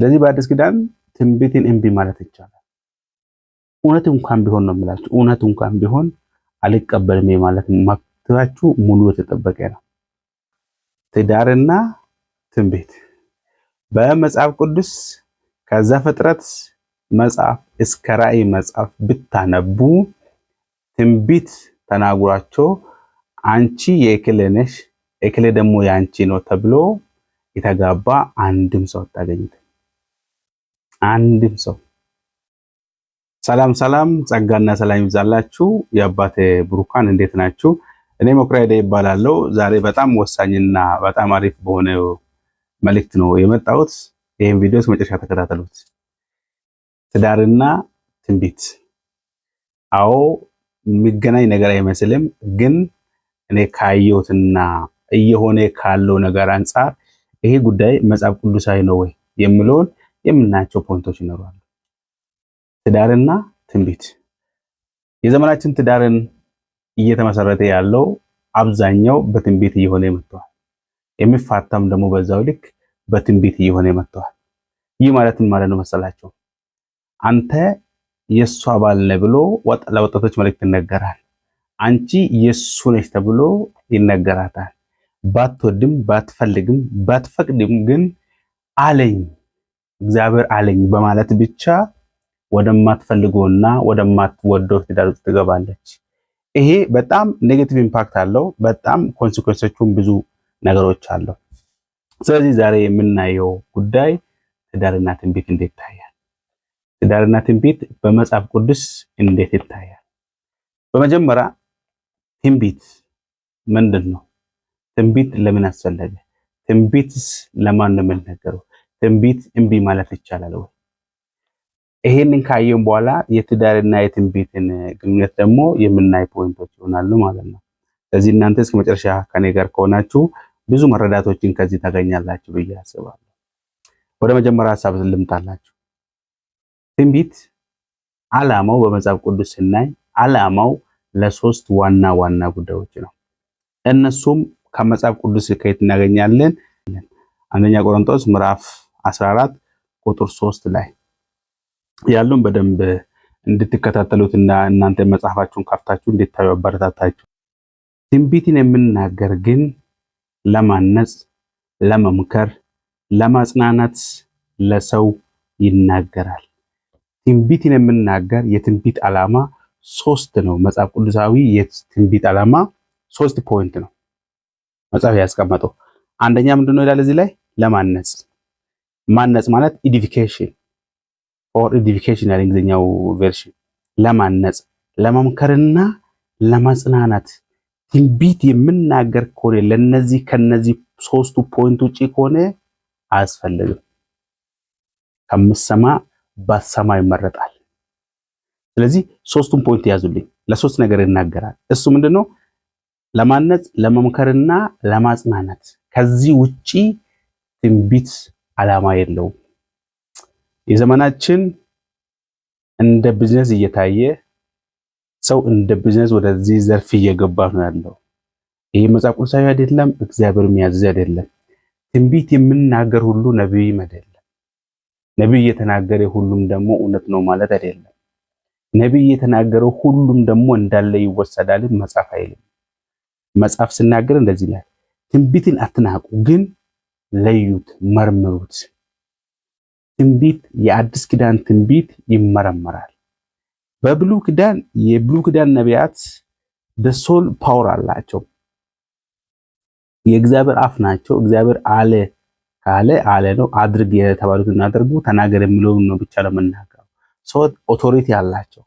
ስለዚህ በአዲስ ኪዳን ትንቢትን እምቢ ማለት ይቻላል። እውነት እንኳን ቢሆን ነው የምላችሁ፣ እውነት እንኳን ቢሆን አልቀበልም ማለት መብታችሁ ሙሉ የተጠበቀ ነው። ትዳርና ትንቢት በመጽሐፍ ቅዱስ ከዛ መጽሐፍ እስከ ራእይ መጽሐፍ ብታነቡ ትንቢት ተናግሯቸው አንቺ የእክሌ ነሽ እክሌ ደግሞ የአንቺ ነው ተብሎ የተጋባ አንድም ሰው አታገኝትም። አንድም ሰው ሰላም ሰላም፣ ጸጋና ሰላም ይብዛላችሁ። የአባቴ ብሩካን እንዴት ናችሁ? እኔ መኩሪያዴ ይባላለው። ዛሬ በጣም ወሳኝና በጣም አሪፍ በሆነ መልእክት ነው የመጣሁት። ይህም ቪዲዮ መጨረሻ ተከታተሉት። ትዳርና ትንቢት፣ አዎ የሚገናኝ ነገር አይመስልም፣ ግን እኔ ካየሁትና እየሆነ ካለው ነገር አንጻር ይሄ ጉዳይ መጽሐፍ ቅዱሳዊ ነው ወይ የሚለውን የምናያቸው ፖይንቶች ይኖራሉ። ትዳርና ትንቢት የዘመናችን ትዳርን እየተመሰረተ ያለው አብዛኛው በትንቢት እየሆነ መጥተዋል። የሚፋታም ደግሞ በዛው ልክ በትንቢት እየሆነ መጥተዋል። ይህ ማለት ምን ማለት ነው መሰላቸው? አንተ የእሷ ባል ነህ ብሎ ለወጣቶች መልእክት ይነገራል። አንቺ የእሱ ነች ተብሎ ይነገራታል። ባትወድም ባትፈልግም ባትፈቅድም ግን አለኝ እግዚአብሔር አለኝ በማለት ብቻ ወደማትፈልገውና ወደማትወደው ትዳር ውስጥ ትገባለች። ይሄ በጣም ኔጌቲቭ ኢምፓክት አለው። በጣም ኮንሲኩዌንሶቹም ብዙ ነገሮች አለው። ስለዚህ ዛሬ የምናየው ጉዳይ ትዳርና ትንቢት እንዴት ይታያል? ትዳርና ትንቢት በመጽሐፍ ቅዱስ እንዴት ይታያል? በመጀመሪያ ትንቢት ምንድን ነው? ትንቢት ለምን አስፈለገ? ትንቢትስ ለማን ነው የምንነገረው? ትንቢት እምቢ ማለት ይቻላል ወይ? ይሄንን ካየን በኋላ የትዳርና የትንቢትን ግንኙነት ደግሞ የምናይ ፖይንቶች ይሆናሉ ማለት ነው። ስለዚህ እናንተ እስከ መጨረሻ ከኔ ጋር ከሆናችሁ ብዙ መረዳቶችን ከዚህ ታገኛላችሁ ብዬ አስባለሁ። ወደ መጀመሪያ ሀሳብ ልምጣላችሁ። ትንቢት ዓላማው በመጽሐፍ ቅዱስ ስናይ ዓላማው ለሶስት ዋና ዋና ጉዳዮች ነው። እነሱም ከመጽሐፍ ቅዱስ ከየት እናገኛለን? አንደኛ ቆሮንቶስ ምዕራፍ 14 ቁጥር 3 ላይ ያለውን በደንብ እንድትከታተሉት እና እናንተ መጽሐፋችሁን ከፍታችሁ እንድታዩ አበረታታችሁ። ትንቢትን የምናገር ግን ለማነጽ፣ ለመምከር፣ ለማጽናናት ለሰው ይናገራል። ትንቢትን የምናገር የትንቢት ዓላማ ሶስት ነው። መጽሐፍ ቅዱሳዊ የትንቢት ዓላማ ሶስት ፖይንት ነው መጽሐፍ ያስቀመጠው። አንደኛ ምንድነው ይላል እዚህ ላይ ለማነጽ ማነጽ ማለት ኢዲፊኬሽን ኦር ኢዲፊኬሽን ያለ እንግሊዝኛው ቨርሽን ለማነጽ ለመምከርና ለማጽናናት ትንቢት የምናገር ከሆነ ለነዚህ ከነዚህ ሶስቱ ፖይንት ውጪ ከሆነ አያስፈልግም። ከምሰማ ባሰማ ይመረጣል። ስለዚህ ሶስቱን ፖይንት ያዙልኝ። ለሶስት ነገር ይናገራል። እሱ ምንድነው? ለማነጽ፣ ለመምከርና ለማጽናናት። ከዚህ ውጪ ትንቢት ዓላማ የለውም። የዘመናችን እንደ ቢዝነስ እየታየ ሰው እንደ ቢዝነስ ወደዚህ ዘርፍ እየገባ ነው ያለው። ይህ መጽሐፍ ቅዱሳዊ አይደለም፣ እግዚአብሔር የሚያዝ አይደለም። ትንቢት የምናገር ሁሉ ነቢይም አይደለም። ነቢይ የተናገረ ሁሉም ደግሞ እውነት ነው ማለት አይደለም። ነቢይ የተናገረው ሁሉም ደግሞ እንዳለ ይወሰዳል መጽሐፍ አይልም። መጽሐፍ ስናገር እንደዚህ ላይ ትንቢትን አትናቁ ግን ለዩት፣ መርምሩት። ትንቢት የአዲስ ኪዳን ትንቢት ይመረመራል። በብሉ ኪዳን የብሉ ኪዳን ነቢያት ደሶል ፓወር አላቸው። የእግዚአብሔር አፍ ናቸው። እግዚአብሔር አለ ካለ አለ ነው። አድርግ የተባሉት እናደርጉ፣ ተናገር የሚለውን ነው ብቻ ለመናገር ሰው ኦቶሪቲ አላቸው።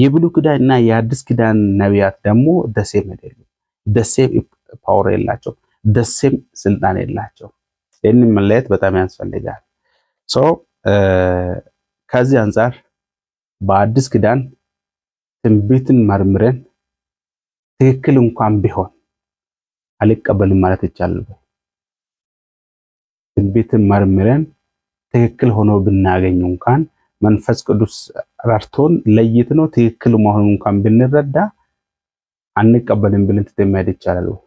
የብሉ ኪዳን እና የአዲስ ኪዳን ነቢያት ደግሞ ደሴም አይደሉም። ደሴም ፓወር የላቸው። ደሴም ስልጣን የላቸው። ይህንን መለየት በጣም ያስፈልጋል። ከዚህ አንጻር በአዲስ ኪዳን ትንቢትን መርምረን ትክክል እንኳን ቢሆን አልቀበልም ማለት ይቻላል። ትንቢትን መርምረን ትክክል ሆኖ ብናገኝ እንኳን መንፈስ ቅዱስ ረድቶን ለይት ነው ትክክል መሆኑን እንኳን ብንረዳ አንቀበልም ብልን ትተን መሄድ ይቻላል ወይ?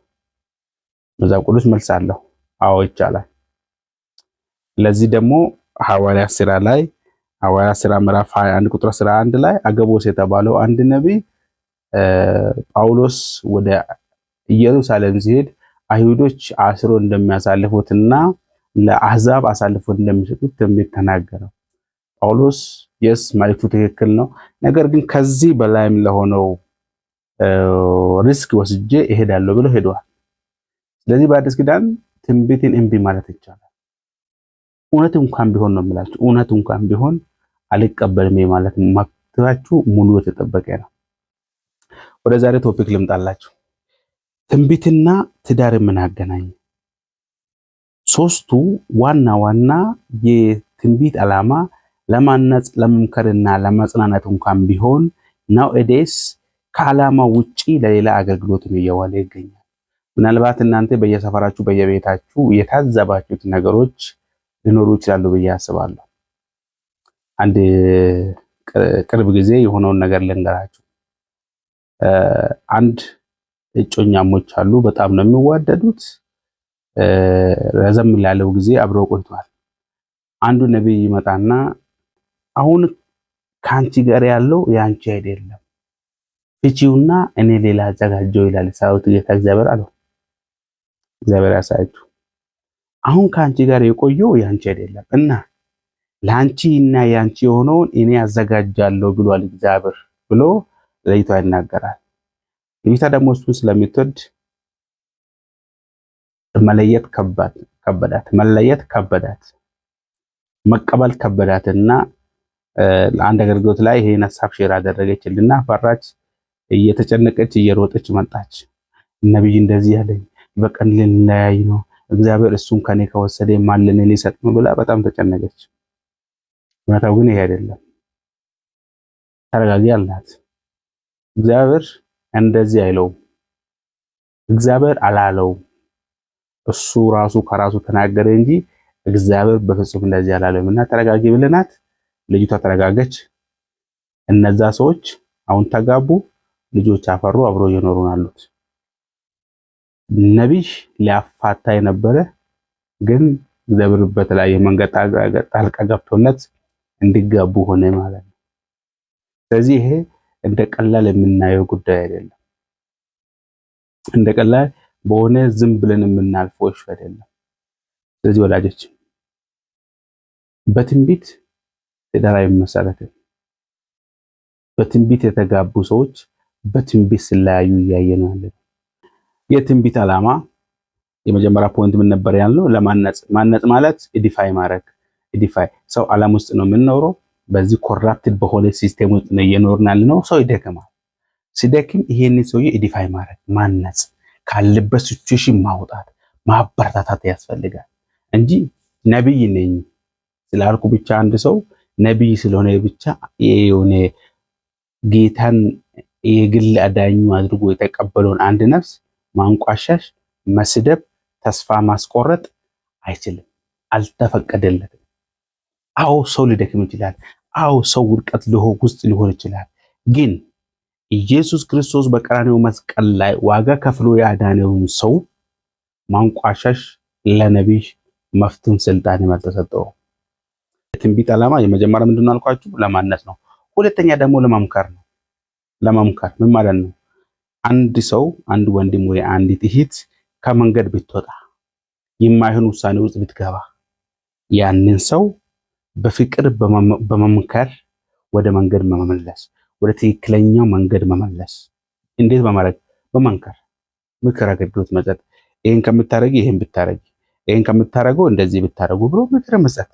መጽሐፍ ቅዱስ መልስ አለው። አዎ ይቻላል። ለዚህ ደግሞ ሐዋርያ ስራ ላይ ሐዋርያ ስራ ምዕራፍ 21 ቁጥር 11 ላይ አገቦስ የተባለው አንድ ነቢይ ጳውሎስ ወደ ኢየሩሳሌም ሲሄድ አይሁዶች አስሮ እንደሚያሳልፉትና ለአህዛብ አሳልፎ እንደሚሰጡት ትንቢት ተናገረው። ጳውሎስ የስ መልእክቱ ትክክል ነው። ነገር ግን ከዚህ በላይም ለሆነው ሪስክ ወስጄ እሄዳለሁ ብሎ ሄደዋል። ስለዚህ በአዲስ ኪዳን ትንቢትን እምቢ ማለት ይቻላል። እውነት እንኳን ቢሆን ነው የምላችሁ፣ እውነት እንኳን ቢሆን አልቀበልም ማለት መብታችሁ ሙሉ የተጠበቀ ነው። ወደ ዛሬ ቶፒክ ልምጣላችሁ። ትንቢትና ትዳር ምን አገናኘ? ሶስቱ ዋና ዋና የትንቢት ዓላማ ለማነጽ፣ ለመምከርና ለማጽናናት እንኳን ቢሆን ናው ኤዴስ ከዓላማ ውጪ ለሌላ አገልግሎት እየዋለ ይገኛል። ምናልባት እናንተ በየሰፈራችሁ በየቤታችሁ የታዘባችሁት ነገሮች ሊኖሩ ይችላሉ ብዬ አስባለሁ። አንድ ቅርብ ጊዜ የሆነውን ነገር ልንገራችሁ። አንድ እጮኛሞች አሉ። በጣም ነው የሚዋደዱት። ረዘም ላለው ጊዜ አብረው ቆይቷል። አንዱ ነቢይ ይመጣና አሁን ከአንቺ ጋር ያለው የአንቺ አይደለም ፍቺውና እኔ ሌላ አዘጋጀው ይላል። ሰራዊት ጌታ እግዚአብሔር አለው። እግዚአብሔር ያሳያችሁ። አሁን ከአንቺ ጋር የቆየው ያንቺ አይደለም እና ለአንቺ እና ያንቺ የሆነውን እኔ አዘጋጃለሁ ብሏል እግዚአብሔር ብሎ ለይቷ ይናገራል። ለይቷ ደግሞ እሱን ስለምትወድ መለየት ከበዳት፣ መለየት ከበዳት፣ መቀበል እና አንድ አገልግሎት ላይ ይሄን ሐሳብ ሼር አደረገችልና ፈራች፣ እየተጨነቀች እየሮጠች መጣች። ነብይ እንደዚህ ያለኝ በቀን ልንለያይ ነው እግዚአብሔር እሱን ከኔ ከወሰደ ማን ሊሰጥ ነው ብላ በጣም ተጨነቀች። እውነታው ግን ይሄ አይደለም። ተረጋጊ አላት። እግዚአብሔር እንደዚህ አይለውም። እግዚአብሔር አላለው። እሱ ራሱ ከራሱ ተናገረ እንጂ እግዚአብሔር በፍጹም እንደዚህ አላለም። እና ተረጋጊ ብለናት ልጅቷ ተረጋገች። እነዛ ሰዎች አሁን ተጋቡ፣ ልጆች አፈሩ፣ አብሮ እየኖሩ አሉት። ነቢሽ ሊያፋታ የነበረ ግን ዘብር በተለያየ መንገድ ጣልቃ ገብቶለት እንዲጋቡ ሆነ ማለት ነው። ስለዚህ ይሄ እንደ ቀላል የምናየው ጉዳይ አይደለም። እንደ ቀላል በሆነ ዝም ብለን የምናልፈው እሺ አይደለም። ስለዚህ ወላጆች በትንቢት ትዳር አይመሰረትም። በትንቢት የተጋቡ ሰዎች በትንቢት ሲለያዩ እያየ ነው የትንቢት ዓላማ የመጀመሪያ ፖይንት ምን ነበር ያልነው? ለማነጽ ማነጽ ማለት ኢዲፋይ ማድረግ ኢዲፋይ ሰው ዓለም ውስጥ ነው የምንኖረው። በዚህ ኮራፕትድ በሆነ ሲስተም ውስጥ ነው እየኖርን ነው። ሰው ይደክማል። ሲደክም ይሄን ሰውዬ ኢዲፋይ ማድረግ ማነጽ፣ ካለበት ሲቹዌሽን ማውጣት ማበረታታት ያስፈልጋል እንጂ ነቢይ ነኝ ስላልኩ ብቻ አንድ ሰው ነቢይ ስለሆነ ብቻ የሆነ ጌታን የግል አዳኙ አድርጎ የተቀበለውን አንድ ነፍስ ማንቋሻሽ፣ መስደብ፣ ተስፋ ማስቆረጥ አይችልም። አልተፈቀደለትም። አዎ ሰው ሊደክም ይችላል። አዎ ሰው ውድቀት ውስጥ ሊሆን ይችላል። ግን ኢየሱስ ክርስቶስ በቀራኔው መስቀል ላይ ዋጋ ከፍሎ ያዳነውን ሰው ማንቋሻሽ ለነቢይ መፍትን ስልጣን አልተሰጠውም። የትንቢት ዓላማ የመጀመሪያ ምንድን ነው አልኳችሁ? ለማነጽ ነው። ሁለተኛ ደግሞ ለመምከር ነው። ለመምከር ምን ማለት ነው? አንድ ሰው አንድ ወንድም ወይ አንዲት እህት ከመንገድ ብትወጣ የማይሆን ውሳኔ ውስጥ ብትገባ ያንን ሰው በፍቅር በመምከር ወደ መንገድ መመለስ፣ ወደ ትክክለኛው መንገድ መመለስ። እንዴት በማድረግ በመንከር ምክር አገልግሎት መስጠት። ይህን ከምታደረግ ይህን ብታደረግ፣ ይህን ከምታደረገው እንደዚህ ብታደረጉ ብሎ ምክር መስጠት።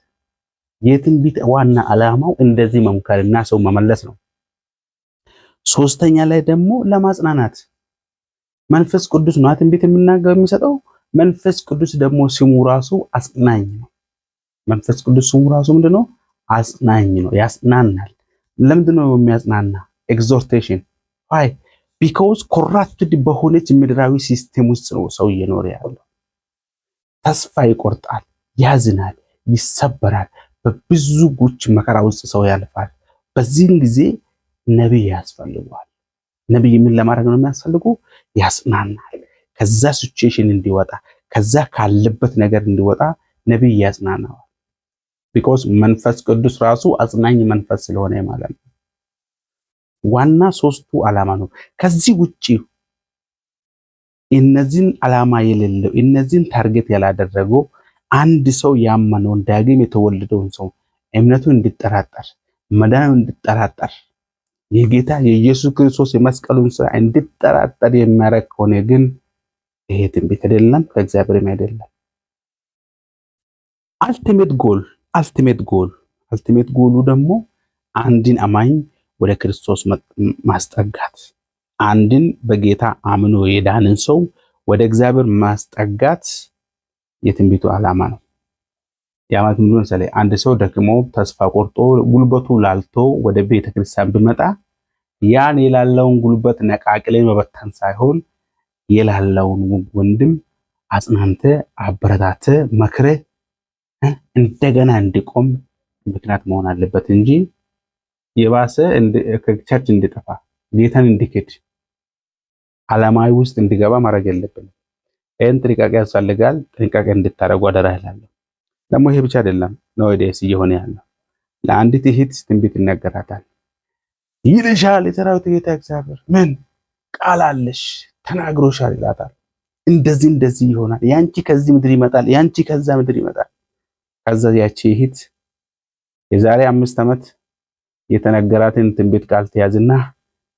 የትንቢት ዋና ዓላማው እንደዚህ መምከርና ሰው መመለስ ነው። ሶስተኛ ላይ ደግሞ ለማጽናናት መንፈስ ቅዱስ ነው ትንቢት የሚናገር የሚሰጠው። መንፈስ ቅዱስ ደግሞ ስሙ ራሱ አጽናኝ ነው። መንፈስ ቅዱስ ስሙ ራሱ ምንድነው? አጽናኝ ነው፣ ያጽናናል። ለምንድነው የሚያጽናና? ኤግዞርቴሽን ዋይ ቢካውስ ኮራፕትድ በሆነች ምድራዊ ሲስተም ውስጥ ነው ሰው እየኖረ ያለው። ተስፋ ይቆርጣል፣ ያዝናል፣ ይሰበራል። በብዙ ጉች መከራ ውስጥ ሰው ያልፋል። በዚህን ጊዜ ነቢይ ያስፈልጓል። ነቢይ ምን ለማድረግ ነው የሚያስፈልጉ? ያጽናናል። ከዛ ሲቹዌሽን እንዲወጣ ከዛ ካለበት ነገር እንዲወጣ ነቢይ ያጽናናዋል። ቢኮዝ መንፈስ ቅዱስ ራሱ አጽናኝ መንፈስ ስለሆነ ማለት ነው። ዋና ሶስቱ ዓላማ ነው። ከዚህ ውጪ እነዚህን ዓላማ የሌለው እነዚህን ታርጌት ያላደረገው አንድ ሰው ያመነውን ዳግም የተወለደውን ሰው እምነቱ እንዲጠራጠር መዳኑ እንዲጠራጠር የጌታ የኢየሱስ ክርስቶስ የመስቀሉን ስራ እንድጠራጠር የሚያደርግ ከሆነ ግን ይሄ ትንቢት አይደለም፣ ከእግዚአብሔርም አይደለም። አልቲሜት ጎል አልቲሜት ጎል አልቲሜት ጎሉ ደግሞ አንድን አማኝ ወደ ክርስቶስ ማስጠጋት፣ አንድን በጌታ አምኖ የዳንን ሰው ወደ እግዚአብሔር ማስጠጋት የትንቢቱ ዓላማ ነው። የዓመት ምንድን መሰለኝ አንድ ሰው ደክሞ ተስፋ ቆርጦ ጉልበቱ ላልቶ ወደ ቤተ ክርስቲያን ቢመጣ ያን የላለውን ጉልበት ነቃቅሌ መበተን ሳይሆን የላለውን ወንድም አጽናንተ፣ አበረታተ፣ መክረ እንደገና እንዲቆም ምክንያት መሆን አለበት እንጂ የባሰ ከቸርች እንዲጠፋ ጌታን እንዲክድ ዓለማዊ ውስጥ እንዲገባ ማድረግ የለብንም። ይህን ጥንቃቄ ያስፈልጋል። ጥንቃቄ እንድታደርጉ አደራ እላለሁ። ደግሞ ይሄ ብቻ አይደለም ነው ወደስ እየሆነ ያለው። ለአንዲት እህት ትንቢት ይነገራታል። ይልሻል የሰራዊት ጌታ እግዚአብሔር ምን ቃል አለሽ ተናግሮሻል ይላታል። እንደዚህ እንደዚህ ይሆናል፣ ያንቺ ከዚህ ምድር ይመጣል፣ ያንቺ ከዛ ምድር ይመጣል። ከዛ ያቺ እህት የዛሬ አምስት ዓመት የተነገራትን ትንቢት ቃል ትያዝና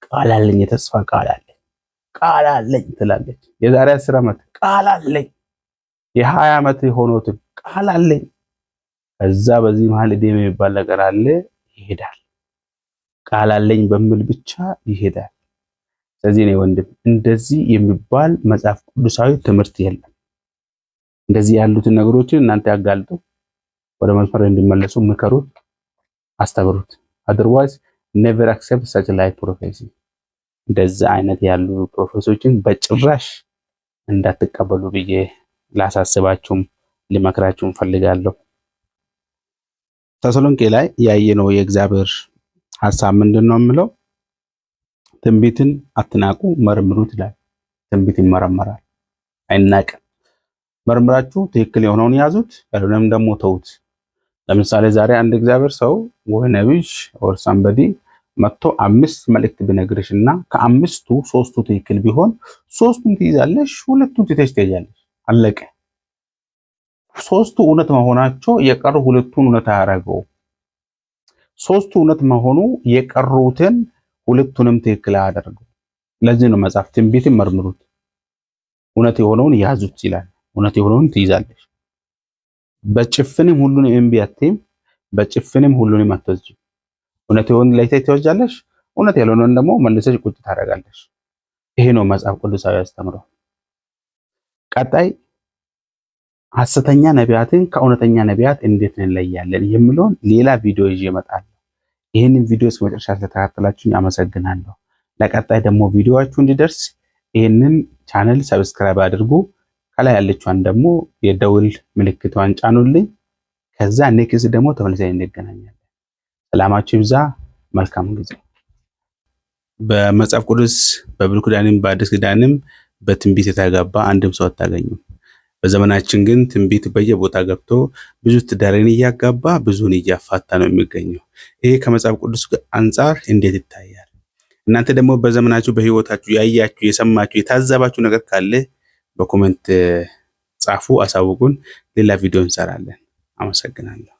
ቃል አለኝ የተስፋ ቃል አለኝ ቃል አለኝ ትላለች። የዛሬ አስር ዓመት ቃል አለኝ የሀያ ዓመት የሆኖትን ቃል አለኝ። እዛ በዚህ መሀል እድሜ የሚባል ነገር አለ። ይሄዳል። ቃል አለኝ በሚል ብቻ ይሄዳል። ስለዚህ ነው ወንድም፣ እንደዚህ የሚባል መጽሐፍ ቅዱሳዊ ትምህርት የለም። እንደዚህ ያሉትን ነገሮችን እናንተ ያጋልጡ፣ ወደ መስመር እንዲመለሱ ምከሩት፣ አስተምሩት። አድርዋይስ ኔቨር አክሰፕት ሰች ላይ ፕሮፌሲ እንደዛ አይነት ያሉ ፕሮፌሶችን በጭራሽ እንዳትቀበሉ ብዬ ላሳስባችሁም ሊመክራችሁ እንፈልጋለሁ። ተሰሎንቄ ላይ ያየነው የእግዚአብሔር ሐሳብ ምንድን ነው የምለው ትንቢትን አትናቁ፣ መርምሩት ይላል። ትንቢት ይመረመራል፣ አይናቅም። መርምራችሁ ትክክል የሆነውን ያዙት፣ ያልሆነም ደግሞ ተዉት። ለምሳሌ ዛሬ አንድ እግዚአብሔር ሰው ወይ ነቢይ ኦር ሳምበዲ መጥቶ አምስት መልእክት ቢነግርሽ እና ከአምስቱ ሶስቱ ትክክል ቢሆን ሶስቱን ትይዛለሽ፣ ሁለቱን ትተሽ ትሄጃለሽ። አለቀ። ሶስቱ እውነት መሆናቸው የቀሩ ሁለቱን እውነት አያደረገው። ሶስቱ እውነት መሆኑ የቀሩትን ሁለቱንም ትክክል አያደርገው። ለዚህ ነው መጽሐፍ ትንቢትን መርምሩት፣ እውነት የሆነውን ያዙት ይላል። እውነት የሆነውን ትይዛለች። በጭፍንም ሁሉን እምቢ አትይም፣ በጭፍንም ሁሉንም አትወስጂም። እውነት የሆነ ለይተሽ ትወስጃለሽ፣ እውነት ያልሆነውን ደግሞ መልሰሽ ቁጭ ታደርጋለሽ። ይሄ ነው መጽሐፍ ቅዱሳዊ ያስተምረው። ቀጣይ ሐሰተኛ ነቢያትን ከእውነተኛ ነቢያት እንዴት እንለያለን የሚለውን ሌላ ቪዲዮ ይዤ እመጣለሁ። ይህንን ቪዲዮ እስከ መጨረሻ ስለተከታተላችሁኝ አመሰግናለሁ። ለቀጣይ ደግሞ ቪዲዮዎቹ እንዲደርስ ይህንን ቻነል ሰብስክራይብ አድርጉ። ከላይ ያለችዋን ደግሞ የደውል ምልክቷን ጫኑልኝ። ከዛ ኔክስ ደግሞ ተመልሰን እንገናኛለን። ሰላማችሁ ይብዛ። መልካም ጊዜ። በመጽሐፍ ቅዱስ በብሉይ ኪዳንም በአዲስ ኪዳንም በትንቢት የተጋባ አንድም ሰው አታገኙም። በዘመናችን ግን ትንቢት በየቦታ ገብቶ ብዙ ትዳርን እያጋባ ብዙን እያፋታ ነው የሚገኘው። ይሄ ከመጽሐፍ ቅዱስ አንጻር እንዴት ይታያል? እናንተ ደግሞ በዘመናችሁ በህይወታችሁ ያያችሁ፣ የሰማችሁ፣ የታዘባችሁ ነገር ካለ በኮመንት ጻፉ፣ አሳውቁን። ሌላ ቪዲዮ እንሰራለን። አመሰግናለሁ።